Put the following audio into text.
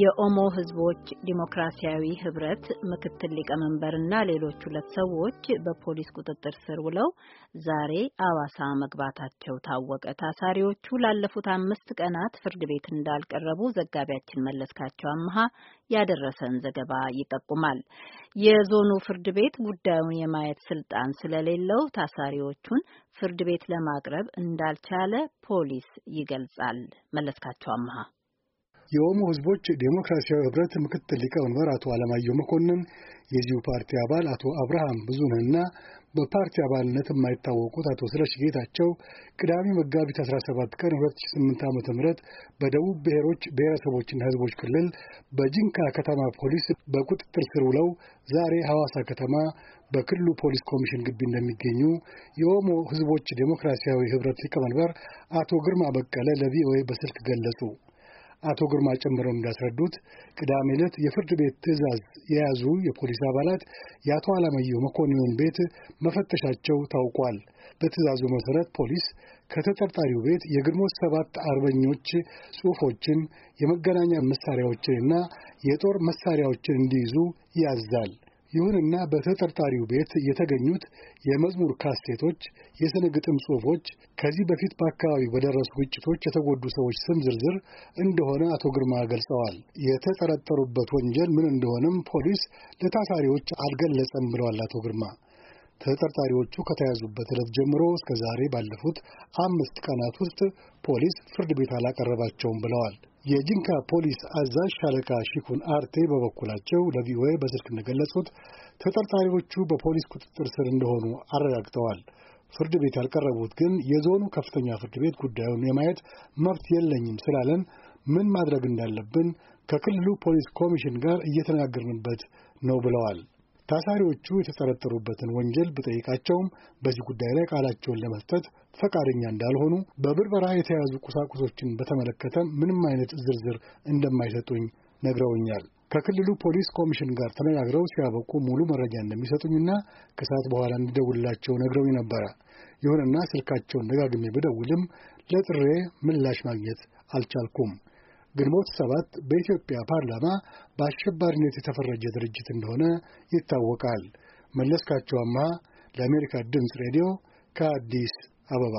የኦሞ ህዝቦች ዲሞክራሲያዊ ህብረት ምክትል ሊቀመንበርና ሌሎች ሁለት ሰዎች በፖሊስ ቁጥጥር ስር ውለው ዛሬ አዋሳ መግባታቸው ታወቀ። ታሳሪዎቹ ላለፉት አምስት ቀናት ፍርድ ቤት እንዳልቀረቡ ዘጋቢያችን መለስካቸው አምሃ ያደረሰን ዘገባ ይጠቁማል። የዞኑ ፍርድ ቤት ጉዳዩን የማየት ስልጣን ስለሌለው ታሳሪዎቹን ፍርድ ቤት ለማቅረብ እንዳልቻለ ፖሊስ ይገልጻል። መለስካቸው አምሃ የኦሞ ህዝቦች ዴሞክራሲያዊ ህብረት ምክትል ሊቀመንበር አቶ አለማየሁ መኮንን፣ የዚሁ ፓርቲ አባል አቶ አብርሃም ብዙነህና በፓርቲ አባልነት የማይታወቁት አቶ ስለሽ ጌታቸው ቅዳሜ መጋቢት 17 ቀን 2008 ዓ ም በደቡብ ብሔሮች ብሔረሰቦችና ህዝቦች ክልል በጂንካ ከተማ ፖሊስ በቁጥጥር ስር ውለው ዛሬ ሐዋሳ ከተማ በክልሉ ፖሊስ ኮሚሽን ግቢ እንደሚገኙ የኦሞ ህዝቦች ዴሞክራሲያዊ ህብረት ሊቀመንበር አቶ ግርማ በቀለ ለቪኦኤ በስልክ ገለጹ። አቶ ግርማ ጨምረው እንዳስረዱት ቅዳሜ ዕለት የፍርድ ቤት ትዕዛዝ የያዙ የፖሊስ አባላት የአቶ አለማየሁ መኮንንን ቤት መፈተሻቸው ታውቋል። በትዕዛዙ መሠረት ፖሊስ ከተጠርጣሪው ቤት የግንቦት ሰባት አርበኞች ጽሑፎችን፣ የመገናኛ መሳሪያዎችንና የጦር መሳሪያዎችን እንዲይዙ ያዛል። ይሁንና በተጠርጣሪው ቤት የተገኙት የመዝሙር ካሴቶች፣ የሥነ ግጥም ጽሑፎች ከዚህ በፊት በአካባቢው በደረሱ ግጭቶች የተጎዱ ሰዎች ስም ዝርዝር እንደሆነ አቶ ግርማ ገልጸዋል። የተጠረጠሩበት ወንጀል ምን እንደሆነም ፖሊስ ለታሳሪዎች አልገለጸም ብለዋል አቶ ግርማ። ተጠርጣሪዎቹ ከተያዙበት ዕለት ጀምሮ እስከ ዛሬ ባለፉት አምስት ቀናት ውስጥ ፖሊስ ፍርድ ቤት አላቀረባቸውም ብለዋል። የጂንካ ፖሊስ አዛዥ ሻለቃ ሺኩን አርቴ በበኩላቸው ለቪኦኤ በስልክ እንደገለጹት ተጠርጣሪዎቹ በፖሊስ ቁጥጥር ስር እንደሆኑ አረጋግጠዋል። ፍርድ ቤት ያልቀረቡት ግን የዞኑ ከፍተኛ ፍርድ ቤት ጉዳዩን የማየት መብት የለኝም ስላለን ምን ማድረግ እንዳለብን ከክልሉ ፖሊስ ኮሚሽን ጋር እየተነጋገርንበት ነው ብለዋል። ታሳሪዎቹ የተጠረጠሩበትን ወንጀል ብጠይቃቸውም በዚህ ጉዳይ ላይ ቃላቸውን ለመስጠት ፈቃደኛ እንዳልሆኑ፣ በብርበራ የተያዙ ቁሳቁሶችን በተመለከተ ምንም አይነት ዝርዝር እንደማይሰጡኝ ነግረውኛል። ከክልሉ ፖሊስ ኮሚሽን ጋር ተነጋግረው ሲያበቁ ሙሉ መረጃ እንደሚሰጡኝና ከሰዓት በኋላ እንዲደውልላቸው ነግረውኝ ነበረ። ይሁንና ስልካቸውን ደጋግሜ ብደውልም ለጥሬ ምላሽ ማግኘት አልቻልኩም። ግንቦት ሰባት በኢትዮጵያ ፓርላማ በአሸባሪነት የተፈረጀ ድርጅት እንደሆነ ይታወቃል። መለስካቸው አምሃ ለአሜሪካ ድምፅ ሬዲዮ ከአዲስ አበባ